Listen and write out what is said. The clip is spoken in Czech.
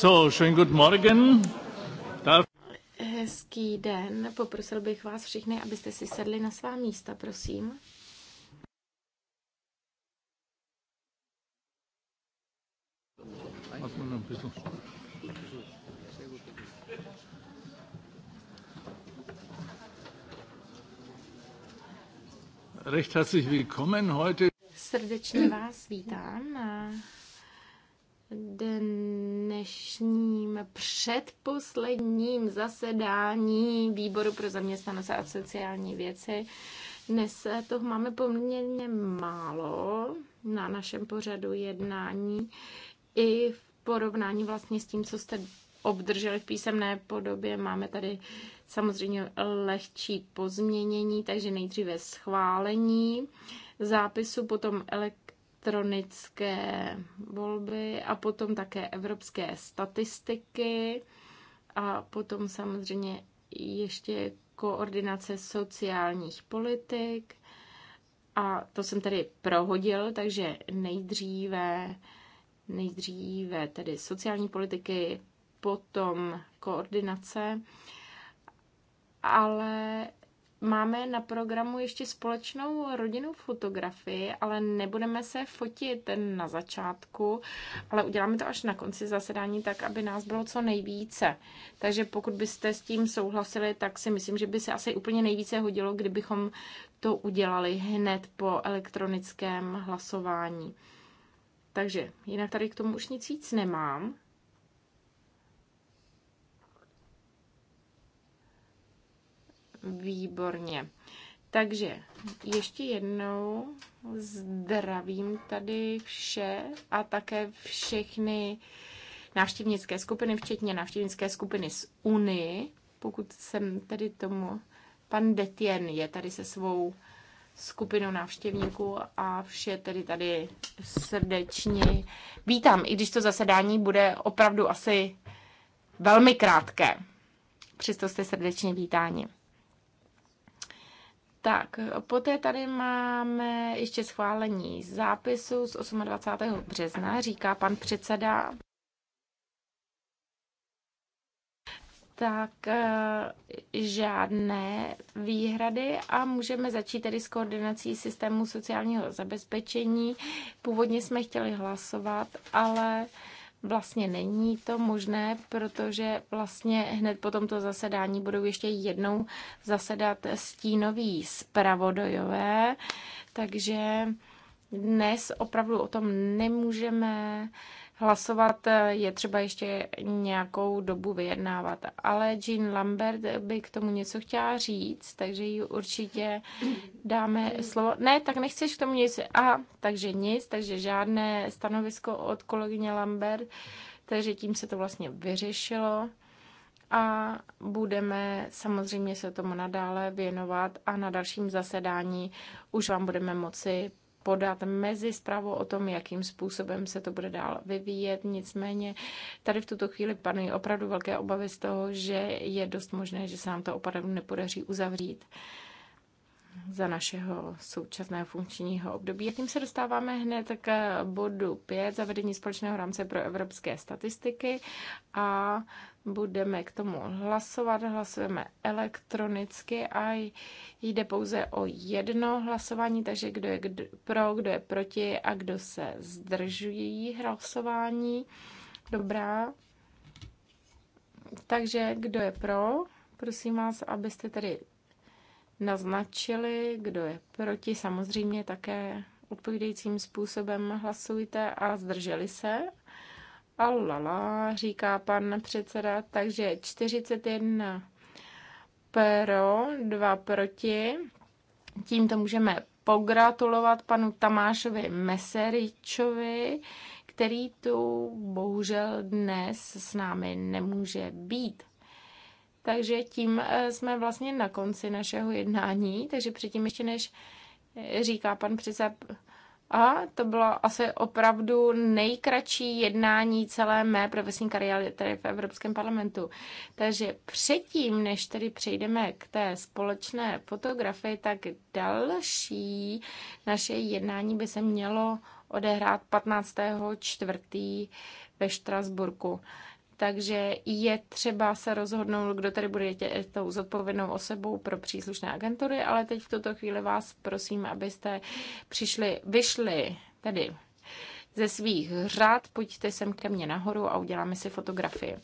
So, schönen guten Morgen. Darf... Hezký den. Poprosil bych vás všichni, abyste si sedli na svá místa, prosím. Recht herzlich willkommen heute. Srdečně vás vítám na Před předposledním zasedání výboru pro zaměstnanost a sociální věci. Dnes toho máme poměrně málo na našem pořadu jednání i v porovnání vlastně s tím, co jste obdrželi v písemné podobě. Máme tady samozřejmě lehčí pozměnění, takže nejdříve schválení zápisu, potom elektronické elektronické volby a potom také evropské statistiky a potom samozřejmě ještě koordinace sociálních politik. A to jsem tady prohodil, takže nejdříve, nejdříve tedy sociální politiky, potom koordinace. Ale Máme na programu ještě společnou rodinnou fotografii, ale nebudeme se fotit na začátku, ale uděláme to až na konci zasedání tak, aby nás bylo co nejvíce. Takže pokud byste s tím souhlasili, tak si myslím, že by se asi úplně nejvíce hodilo, kdybychom to udělali hned po elektronickém hlasování. Takže jinak tady k tomu už nic víc nemám. Výborně. Takže ještě jednou zdravím tady vše a také všechny návštěvnické skupiny, včetně návštěvnické skupiny z Unii, pokud jsem tedy tomu. Pan Detien je tady se svou skupinou návštěvníků a vše tedy tady srdečně vítám, i když to zasedání bude opravdu asi velmi krátké. Přesto jste srdečně vítáni. Tak, poté tady máme ještě schválení zápisu z 28. března, říká pan předseda. tak eh, žádné výhrady a můžeme začít tedy s koordinací systému sociálního zabezpečení. Původně jsme chtěli hlasovat, ale vlastně není to možné, protože vlastně hned po tomto zasedání budou ještě jednou zasedat stínoví zpravodajové, takže dnes opravdu o tom nemůžeme hlasovat, eh, je třeba ještě nějakou dobu vyjednávat. Ale Jean Lambert by k tomu něco chtěla říct, takže ji určitě dáme slovo. Ne, tak nechceš k tomu nic. A takže nic, takže žádné stanovisko od kolegyně Lambert, takže tím se to vlastně vyřešilo a budeme samozřejmě se tomu nadále věnovat a na dalším zasedání už vám budeme moci podat mezi zprávu o tom, jakým způsobem se to bude dál vyvíjet. Nicméně tady v tuto chvíli panují opravdu velké obavy z toho, že je dost možné, že se nám to opravdu nepodaří uzavřít za našeho současného funkčního období. Tím se dostáváme hned k bodu 5, zavedení společného rámce pro evropské statistiky a budeme k tomu hlasovat. Hlasujeme elektronicky a jde pouze o jedno hlasování, takže kdo je pro, kdo je proti a kdo se zdržují hlasování. Dobrá. Takže kdo je pro? Prosím vás, abyste tedy naznačili, kdo je proti. Samozřejmě také odpovídajícím způsobem hlasujte a zdrželi se. Alala, říká pan předseda, takže 41 pro, 2 proti. Tímto můžeme pogratulovat panu Tamášovi Meseričovi, který tu bohužel dnes s námi nemůže být. Takže tím eh, jsme vlastně na konci našeho jednání, takže předtím ještě než eh, říká pan předseda a to bylo asi opravdu nejkratší jednání celé mé profesní kariéry tady v Evropském parlamentu. Takže předtím, než tedy přejdeme k té společné fotografii, tak další naše jednání by se mělo odehrát 15. čtvrtý ve Štrasburku takže je třeba se rozhodnout, kdo tady bude tě, tou zodpovědnou osobou pro příslušné agentury, ale teď v tuto chvíli vás prosím, abyste přišli, vyšli tedy ze svých řád, pojďte sem ke mně nahoru a uděláme si fotografii.